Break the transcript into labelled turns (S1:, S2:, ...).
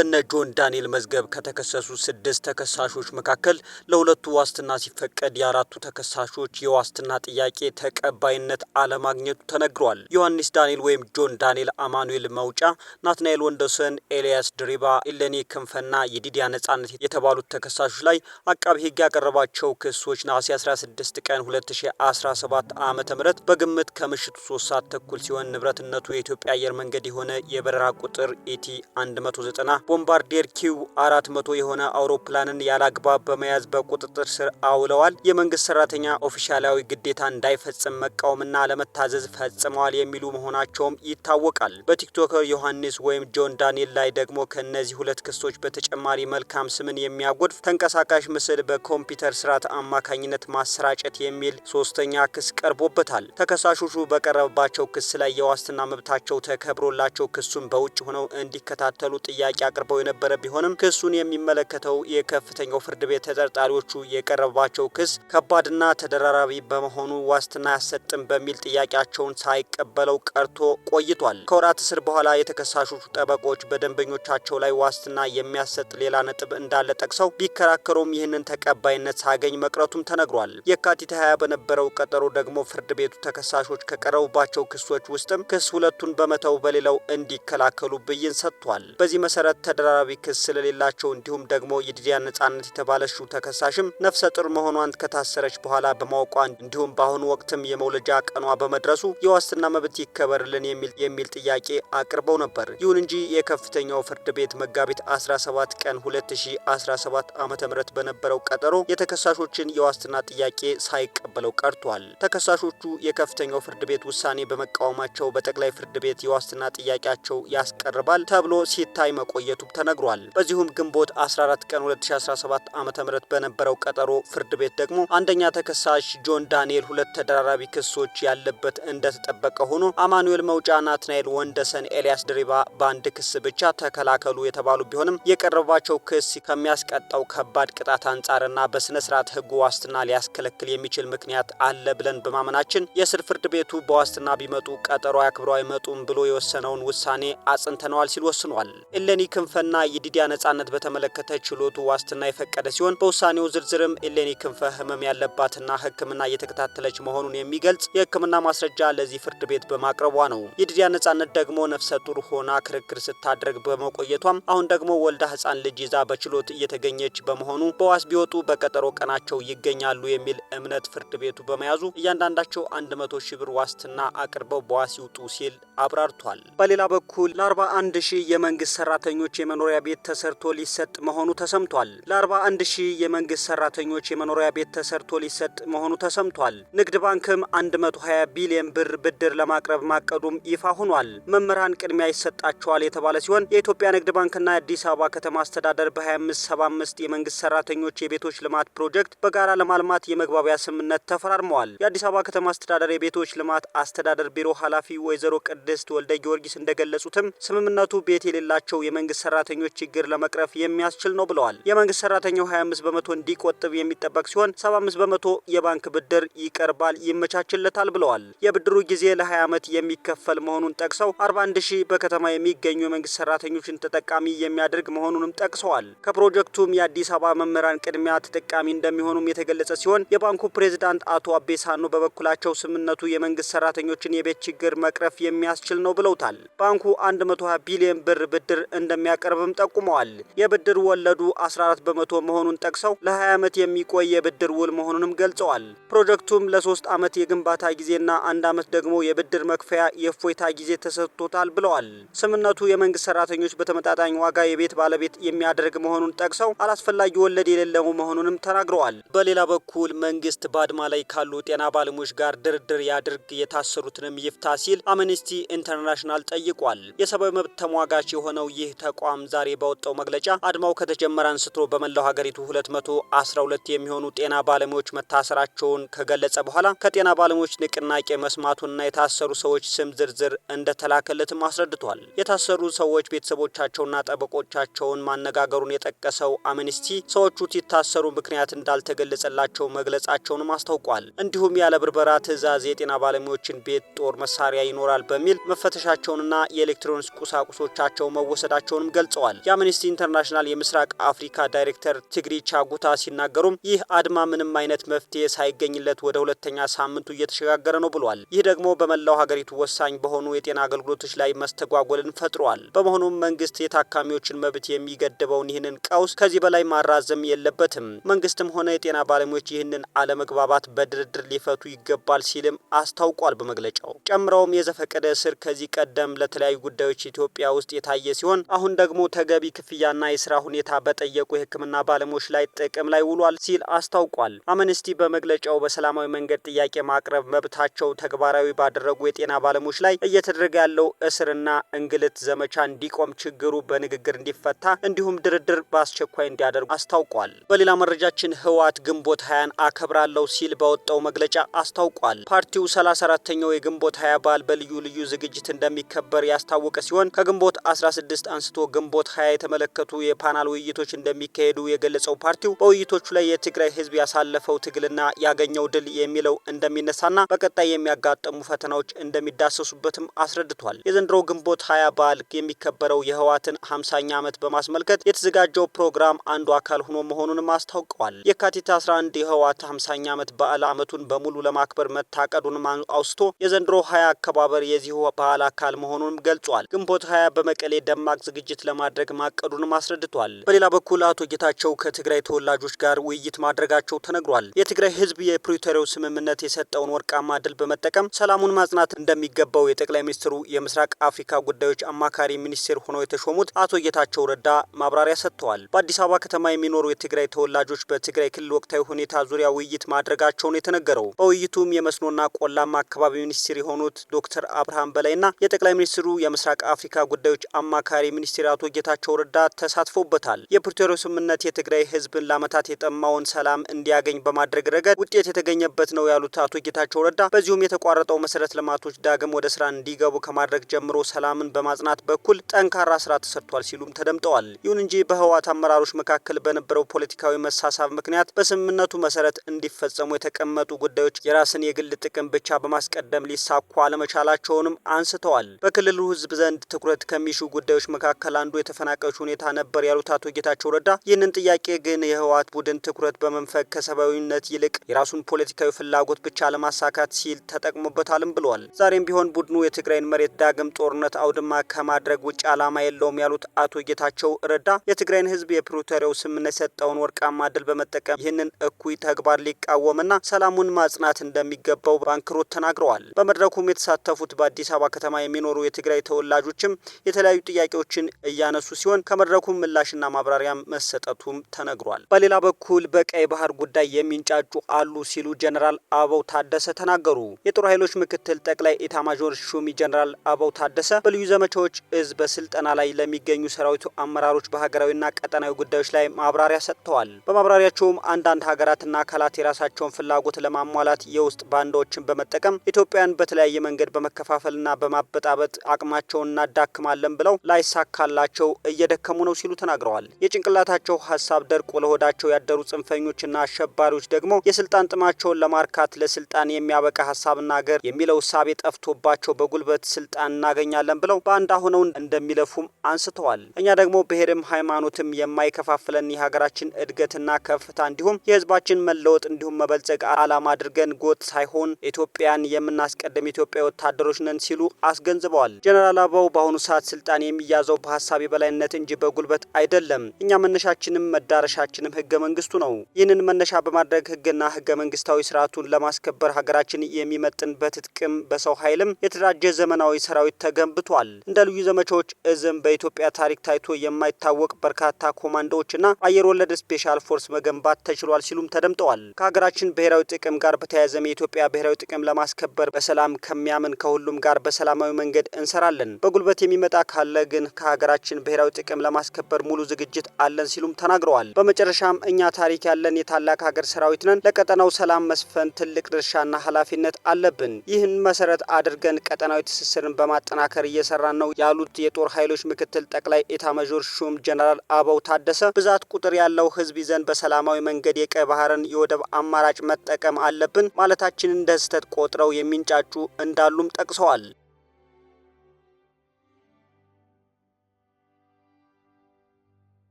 S1: በነ ጆን ዳንኤል መዝገብ ከተከሰሱ ስድስት ተከሳሾች መካከል ለሁለቱ ዋስትና ሲፈቀድ የአራቱ ተከሳሾች የዋስትና ጥያቄ ተቀባይነት አለማግኘቱ ተነግሯል። ዮሐንስ ዳንኤል ወይም ጆን ዳንኤል፣ አማኑኤል መውጫ፣ ናትናኤል ወንደሰን፣ ኤልያስ ድሪባ፣ ኢለኔ ክንፈና የዲዲያ ነጻነት የተባሉት ተከሳሾች ላይ አቃቢ ሕግ ያቀረባቸው ክሶች ነሐሴ 16 ቀን 2017 ዓ ም በግምት ከምሽቱ 3 ሰዓት ተኩል ሲሆን ንብረትነቱ የኢትዮጵያ አየር መንገድ የሆነ የበረራ ቁጥር ኢቲ 190 ቦምባርዲር ኪው አራት መቶ የሆነ አውሮፕላንን ያላግባብ በመያዝ በቁጥጥር ስር አውለዋል። የመንግስት ሰራተኛ ኦፊሻላዊ ግዴታ እንዳይፈጽም መቃወምና አለመታዘዝ ፈጽመዋል የሚሉ መሆናቸውም ይታወቃል። በቲክቶከር ዮሐንስ ወይም ጆን ዳንኤል ላይ ደግሞ ከእነዚህ ሁለት ክሶች በተጨማሪ መልካም ስምን የሚያጎድፍ ተንቀሳቃሽ ምስል በኮምፒውተር ስርዓት አማካኝነት ማሰራጨት የሚል ሶስተኛ ክስ ቀርቦበታል። ተከሳሾቹ በቀረበባቸው ክስ ላይ የዋስትና መብታቸው ተከብሮላቸው ክሱን በውጭ ሆነው እንዲከታተሉ ጥያቄ አቅርበው የነበረ ቢሆንም ክሱን የሚመለከተው የከፍተኛው ፍርድ ቤት ተጠርጣሪዎቹ የቀረበባቸው ክስ ከባድና ተደራራቢ በመሆኑ ዋስትና አያሰጥም በሚል ጥያቄያቸውን ሳይቀበለው ቀርቶ ቆይቷል። ከወራት እስር በኋላ የተከሳሾቹ ጠበቆች በደንበኞቻቸው ላይ ዋስትና የሚያሰጥ ሌላ ነጥብ እንዳለ ጠቅሰው ቢከራከሩም ይህንን ተቀባይነት ሳገኝ መቅረቱም ተነግሯል። የካቲት ሀያ በነበረው ቀጠሮ ደግሞ ፍርድ ቤቱ ተከሳሾች ከቀረቡባቸው ክሶች ውስጥም ክስ ሁለቱን በመተው በሌላው እንዲከላከሉ ብይን ሰጥቷል። በዚህ መሰረት ተደራራቢ ክስ ስለሌላቸው እንዲሁም ደግሞ የድዲያ ነጻነት የተባለችው ተከሳሽም ነፍሰ ጡር መሆኗን ከታሰረች በኋላ በማወቋ እንዲሁም በአሁኑ ወቅትም የመውለጃ ቀኗ በመድረሱ የዋስትና መብት ይከበርልን የሚል ጥያቄ አቅርበው ነበር። ይሁን እንጂ የከፍተኛው ፍርድ ቤት መጋቢት 17 ቀን 2017 ዓ.ም በነበረው ቀጠሮ የተከሳሾችን የዋስትና ጥያቄ ሳይቀበለው ቀርቷል። ተከሳሾቹ የከፍተኛው ፍርድ ቤት ውሳኔ በመቃወማቸው በጠቅላይ ፍርድ ቤት የዋስትና ጥያቄያቸው ያስቀርባል ተብሎ ሲታይ መቆየቱ መሰማራቱም ተነግሯል። በዚሁም ግንቦት 14 ቀን 2017 ዓ ም በነበረው ቀጠሮ ፍርድ ቤት ደግሞ አንደኛ ተከሳሽ ጆን ዳንኤል ሁለት ተደራራቢ ክሶች ያለበት እንደተጠበቀ ሆኖ አማኑኤል መውጫ፣ ናትናኤል ወንደሰን፣ ኤልያስ ድሪባ በአንድ ክስ ብቻ ተከላከሉ የተባሉ ቢሆንም የቀረባቸው ክስ ከሚያስቀጣው ከባድ ቅጣት አንጻርና በስነ ስርዓት ህጉ ዋስትና ሊያስከለክል የሚችል ምክንያት አለ ብለን በማመናችን የስር ፍርድ ቤቱ በዋስትና ቢመጡ ቀጠሮ አክብረው አይመጡም ብሎ የወሰነውን ውሳኔ አጽንተነዋል ሲል ወስኗል። ኤሌኒ ክንፈና የዲዲያ ነጻነት በተመለከተ ችሎቱ ዋስትና የፈቀደ ሲሆን በውሳኔው ዝርዝርም ኤሌኒ ክንፈ ህመም ያለባትና ሕክምና እየተከታተለች መሆኑን የሚገልጽ የህክምና ማስረጃ ለዚህ ፍርድ ቤት በማቅረቧ ነው። የዲዲያ ነጻነት ደግሞ ነፍሰ ጡር ሆና ክርክር ስታደርግ በመቆየቷም አሁን ደግሞ ወልዳ ህፃን ልጅ ይዛ በችሎት እየተገኘች በመሆኑ በዋስ ቢወጡ በቀጠሮ ቀናቸው ይገኛሉ የሚል እምነት ፍርድ ቤቱ በመያዙ እያንዳንዳቸው 100 ሺህ ብር ዋስትና አቅርበው በዋስ ይውጡ ሲል አብራርቷል። በሌላ በኩል ለ41 ሺህ የመንግስት ሰራተኞች ሰራተኞች የመኖሪያ ቤት ተሰርቶ ሊሰጥ መሆኑ ተሰምቷል። ለ41 ሺህ የመንግስት ሰራተኞች የመኖሪያ ቤት ተሰርቶ ሊሰጥ መሆኑ ተሰምቷል። ንግድ ባንክም 120 ቢሊዮን ብር ብድር ለማቅረብ ማቀዱም ይፋ ሆኗል። መምህራን ቅድሚያ ይሰጣቸዋል የተባለ ሲሆን የኢትዮጵያ ንግድ ባንክና የአዲስ አበባ ከተማ አስተዳደር በ2575 የመንግስት ሰራተኞች የቤቶች ልማት ፕሮጀክት በጋራ ለማልማት የመግባቢያ ስምምነት ተፈራርመዋል። የአዲስ አበባ ከተማ አስተዳደር የቤቶች ልማት አስተዳደር ቢሮ ኃላፊ ወይዘሮ ቅድስት ወልደ ጊዮርጊስ እንደገለጹትም ስምምነቱ ቤት የሌላቸው የመንግስት የመንግስት ሰራተኞች ችግር ለመቅረፍ የሚያስችል ነው ብለዋል። የመንግስት ሰራተኛው 25 በመቶ እንዲቆጥብ የሚጠበቅ ሲሆን 75 በመቶ የባንክ ብድር ይቀርባል፣ ይመቻችለታል ብለዋል። የብድሩ ጊዜ ለ20 ዓመት የሚከፈል መሆኑን ጠቅሰው 41 ሺህ በከተማ የሚገኙ የመንግስት ሰራተኞችን ተጠቃሚ የሚያደርግ መሆኑንም ጠቅሰዋል። ከፕሮጀክቱም የአዲስ አበባ መምህራን ቅድሚያ ተጠቃሚ እንደሚሆኑም የተገለጸ ሲሆን የባንኩ ፕሬዝዳንት አቶ አቤሳኖ በበኩላቸው ስምምነቱ የመንግስት ሰራተኞችን የቤት ችግር መቅረፍ የሚያስችል ነው ብለውታል። ባንኩ 120 ቢሊዮን ብር ብድር እንደሚያ እንደሚያቀርብም ጠቁመዋል። የብድር ወለዱ 14 በመቶ መሆኑን ጠቅሰው ለ20 ዓመት የሚቆይ የብድር ውል መሆኑንም ገልጸዋል። ፕሮጀክቱም ለ3 ዓመት የግንባታ ጊዜና አንድ ዓመት ደግሞ የብድር መክፈያ የእፎይታ ጊዜ ተሰጥቶታል ብለዋል። ስምነቱ የመንግስት ሰራተኞች በተመጣጣኝ ዋጋ የቤት ባለቤት የሚያደርግ መሆኑን ጠቅሰው አላስፈላጊ ወለድ የሌለው መሆኑንም ተናግረዋል። በሌላ በኩል መንግስት ባድማ ላይ ካሉ ጤና ባለሙያዎች ጋር ድርድር ያድርግ፣ የታሰሩትንም ይፍታ ሲል አምነስቲ ኢንተርናሽናል ጠይቋል። የሰብአዊ መብት ተሟጋች የሆነው ይህ ተቋ ተቋም ዛሬ ባወጣው መግለጫ አድማው ከተጀመረ አንስቶ በመላው ሀገሪቱ 212 የሚሆኑ ጤና ባለሙያዎች መታሰራቸውን ከገለጸ በኋላ ከጤና ባለሙያዎች ንቅናቄ መስማቱና የታሰሩ ሰዎች ስም ዝርዝር እንደተላከለትም አስረድቷል። የታሰሩ ሰዎች ቤተሰቦቻቸውና ጠበቆቻቸውን ማነጋገሩን የጠቀሰው አምኒስቲ ሰዎቹ ሲታሰሩ ምክንያት እንዳልተገለጸላቸው መግለጻቸውንም አስታውቋል። እንዲሁም ያለ ብርበራ ትዕዛዝ የጤና ባለሙያዎችን ቤት ጦር መሳሪያ ይኖራል በሚል መፈተሻቸውንና የኤሌክትሮኒክስ ቁሳቁሶቻቸው መወሰዳቸውንም መሆኑንም ገልጸዋል። የአምነስቲ ኢንተርናሽናል የምስራቅ አፍሪካ ዳይሬክተር ትግሪ ቻጉታ ሲናገሩም ይህ አድማ ምንም አይነት መፍትሄ ሳይገኝለት ወደ ሁለተኛ ሳምንቱ እየተሸጋገረ ነው ብሏል። ይህ ደግሞ በመላው ሀገሪቱ ወሳኝ በሆኑ የጤና አገልግሎቶች ላይ መስተጓጎልን ፈጥሯል። በመሆኑም መንግስት የታካሚዎችን መብት የሚገድበውን ይህንን ቀውስ ከዚህ በላይ ማራዘም የለበትም። መንግስትም ሆነ የጤና ባለሙያዎች ይህንን አለመግባባት በድርድር ሊፈቱ ይገባል ሲልም አስታውቋል። በመግለጫው ጨምረውም የዘፈቀደ እስር ከዚህ ቀደም ለተለያዩ ጉዳዮች ኢትዮጵያ ውስጥ የታየ ሲሆን አሁን ደግሞ ተገቢ ክፍያና የስራ ሁኔታ በጠየቁ የሕክምና ባለሙያዎች ላይ ጥቅም ላይ ውሏል ሲል አስታውቋል። አምነስቲ በመግለጫው በሰላማዊ መንገድ ጥያቄ ማቅረብ መብታቸው ተግባራዊ ባደረጉ የጤና ባለሙያዎች ላይ እየተደረገ ያለው እስርና እንግልት ዘመቻ እንዲቆም፣ ችግሩ በንግግር እንዲፈታ እንዲሁም ድርድር በአስቸኳይ እንዲያደርጉ አስታውቋል። በሌላ መረጃችን ህወሓት ግንቦት ሀያን አከብራለሁ ሲል በወጣው መግለጫ አስታውቋል። ፓርቲው 34ተኛው የግንቦት ሀያ በዓል በልዩ ልዩ ዝግጅት እንደሚከበር ያስታወቀ ሲሆን ከግንቦት 16 አንስቶ ግንቦት ሀያ የተመለከቱ የፓናል ውይይቶች እንደሚካሄዱ የገለጸው ፓርቲው በውይይቶቹ ላይ የትግራይ ህዝብ ያሳለፈው ትግልና ያገኘው ድል የሚለው እንደሚነሳና በቀጣይ የሚያጋጥሙ ፈተናዎች እንደሚዳሰሱበትም አስረድቷል። የዘንድሮው ግንቦት ሀያ በዓል የሚከበረው የህወሓትን ሀምሳኛ ዓመት በማስመልከት የተዘጋጀው ፕሮግራም አንዱ አካል ሆኖ መሆኑንም አስታውቀዋል። የካቲት 11 የህወሓት ሀምሳኛ ዓመት በዓል ዓመቱን በሙሉ ለማክበር መታቀዱንም አውስቶ የዘንድሮ ሀያ አከባበር የዚሁ በዓል አካል መሆኑንም ገልጿል። ግንቦት ሀያ በመቀሌ ደማቅ ዝግጅት ውይይት ለማድረግ ማቀዱንም አስረድቷል። በሌላ በኩል አቶ ጌታቸው ከትግራይ ተወላጆች ጋር ውይይት ማድረጋቸው ተነግሯል። የትግራይ ህዝብ የፕሪቶሪያው ስምምነት የሰጠውን ወርቃማ ድል በመጠቀም ሰላሙን ማጽናት እንደሚገባው የጠቅላይ ሚኒስትሩ የምስራቅ አፍሪካ ጉዳዮች አማካሪ ሚኒስቴር ሆነው የተሾሙት አቶ ጌታቸው ረዳ ማብራሪያ ሰጥተዋል። በአዲስ አበባ ከተማ የሚኖሩ የትግራይ ተወላጆች በትግራይ ክልል ወቅታዊ ሁኔታ ዙሪያ ውይይት ማድረጋቸውን የተነገረው በውይይቱም የመስኖና ቆላማ አካባቢ ሚኒስትር የሆኑት ዶክተር አብርሃም በላይና የጠቅላይ ሚኒስትሩ የምስራቅ አፍሪካ ጉዳዮች አማካሪ ሚኒስቴር ሚኒስትር አቶ ጌታቸው ረዳ ተሳትፎበታል። የፕሪቶሪያው ስምምነት የትግራይ ህዝብን ለዓመታት የጠማውን ሰላም እንዲያገኝ በማድረግ ረገድ ውጤት የተገኘበት ነው ያሉት አቶ ጌታቸው ረዳ በዚሁም የተቋረጠው መሰረተ ልማቶች ዳግም ወደ ስራ እንዲገቡ ከማድረግ ጀምሮ ሰላምን በማጽናት በኩል ጠንካራ ስራ ተሰርቷል ሲሉም ተደምጠዋል። ይሁን እንጂ በህወሓት አመራሮች መካከል በነበረው ፖለቲካዊ መሳሳብ ምክንያት በስምምነቱ መሰረት እንዲፈጸሙ የተቀመጡ ጉዳዮች የራስን የግል ጥቅም ብቻ በማስቀደም ሊሳኩ አለመቻላቸውንም አንስተዋል። በክልሉ ህዝብ ዘንድ ትኩረት ከሚሹ ጉዳዮች መካከል መካከል አንዱ የተፈናቃዮች ሁኔታ ነበር ያሉት አቶ ጌታቸው ረዳ ይህንን ጥያቄ ግን የህወሓት ቡድን ትኩረት በመንፈግ ከሰብአዊነት ይልቅ የራሱን ፖለቲካዊ ፍላጎት ብቻ ለማሳካት ሲል ተጠቅሞበታልም ብለዋል። ዛሬም ቢሆን ቡድኑ የትግራይን መሬት ዳግም ጦርነት አውድማ ከማድረግ ውጭ ዓላማ የለውም ያሉት አቶ ጌታቸው ረዳ የትግራይን ህዝብ የፕሪቶሪያው ስምምነት የሰጠውን ወርቃማ ድል በመጠቀም ይህንን እኩይ ተግባር ሊቃወምና ሰላሙን ማጽናት እንደሚገባው ባንክሮት ተናግረዋል። በመድረኩም የተሳተፉት በአዲስ አበባ ከተማ የሚኖሩ የትግራይ ተወላጆችም የተለያዩ ጥያቄዎችን እያነሱ ሲሆን ከመድረኩም ምላሽና ማብራሪያ መሰጠቱም ተነግሯል። በሌላ በኩል በቀይ ባህር ጉዳይ የሚንጫጩ አሉ ሲሉ ጀነራል አበው ታደሰ ተናገሩ። የጦር ኃይሎች ምክትል ጠቅላይ ኢታማዦር ሹሚ ጀነራል አበው ታደሰ በልዩ ዘመቻዎች እዝ በስልጠና ላይ ለሚገኙ ሰራዊቱ አመራሮች በሀገራዊና ቀጠናዊ ጉዳዮች ላይ ማብራሪያ ሰጥተዋል። በማብራሪያቸውም አንዳንድ ሀገራትና አካላት የራሳቸውን ፍላጎት ለማሟላት የውስጥ ባንዳዎችን በመጠቀም ኢትዮጵያን በተለያየ መንገድ በመከፋፈልና በማበጣበጥ አቅማቸውን እናዳክማለን ብለው ላይሳካል። ስላላቸው እየደከሙ ነው ሲሉ ተናግረዋል። የጭንቅላታቸው ሀሳብ ደርቆ ለሆዳቸው ያደሩ ጽንፈኞችና አሸባሪዎች ደግሞ የስልጣን ጥማቸውን ለማርካት ለስልጣን የሚያበቃ ሀሳብና ሀገር የሚለው እሳቤ ጠፍቶባቸው በጉልበት ስልጣን እናገኛለን ብለው በአንድ አሁነው እንደሚለፉም አንስተዋል። እኛ ደግሞ ብሔርም ሃይማኖትም የማይከፋፍለን የሀገራችን እድገትና ከፍታ እንዲሁም የህዝባችን መለወጥ እንዲሁም መበልጸግ አላማ አድርገን ጎጥ ሳይሆን ኢትዮጵያን የምናስቀድም ኢትዮጵያ ወታደሮች ነን ሲሉ አስገንዝበዋል። ጀነራል አበባው በአሁኑ ሰዓት ስልጣን የሚያዘው በ የሀሳብ የበላይነት እንጂ በጉልበት አይደለም። እኛ መነሻችንም መዳረሻችንም ህገ መንግስቱ ነው። ይህንን መነሻ በማድረግ ህግና ህገ መንግስታዊ ስርዓቱን ለማስከበር ሀገራችን የሚመጥን በትጥቅም በሰው ኃይልም የተደራጀ ዘመናዊ ሰራዊት ተገንብቷል። እንደ ልዩ ዘመቻዎች እዝም በኢትዮጵያ ታሪክ ታይቶ የማይታወቅ በርካታ ኮማንዶዎችና አየር ወለድ ስፔሻል ፎርስ መገንባት ተችሏል ሲሉም ተደምጠዋል። ከሀገራችን ብሔራዊ ጥቅም ጋር በተያያዘም የኢትዮጵያ ብሔራዊ ጥቅም ለማስከበር በሰላም ከሚያምን ከሁሉም ጋር በሰላማዊ መንገድ እንሰራለን። በጉልበት የሚመጣ ካለ ግን ከሀገራ የሀገራችን ብሔራዊ ጥቅም ለማስከበር ሙሉ ዝግጅት አለን ሲሉም ተናግረዋል። በመጨረሻም እኛ ታሪክ ያለን የታላቅ ሀገር ሰራዊት ነን። ለቀጠናው ሰላም መስፈን ትልቅ ድርሻና ኃላፊነት አለብን። ይህን መሰረት አድርገን ቀጠናዊ ትስስርን በማጠናከር እየሰራን ነው ያሉት የጦር ኃይሎች ምክትል ጠቅላይ ኤታማዦር ሹም ጀነራል አበው ታደሰ ብዛት ቁጥር ያለው ህዝብ ይዘን በሰላማዊ መንገድ የቀይ ባህርን የወደብ አማራጭ መጠቀም አለብን ማለታችንን እንደ ስህተት ቆጥረው የሚንጫጩ እንዳሉም ጠቅሰዋል።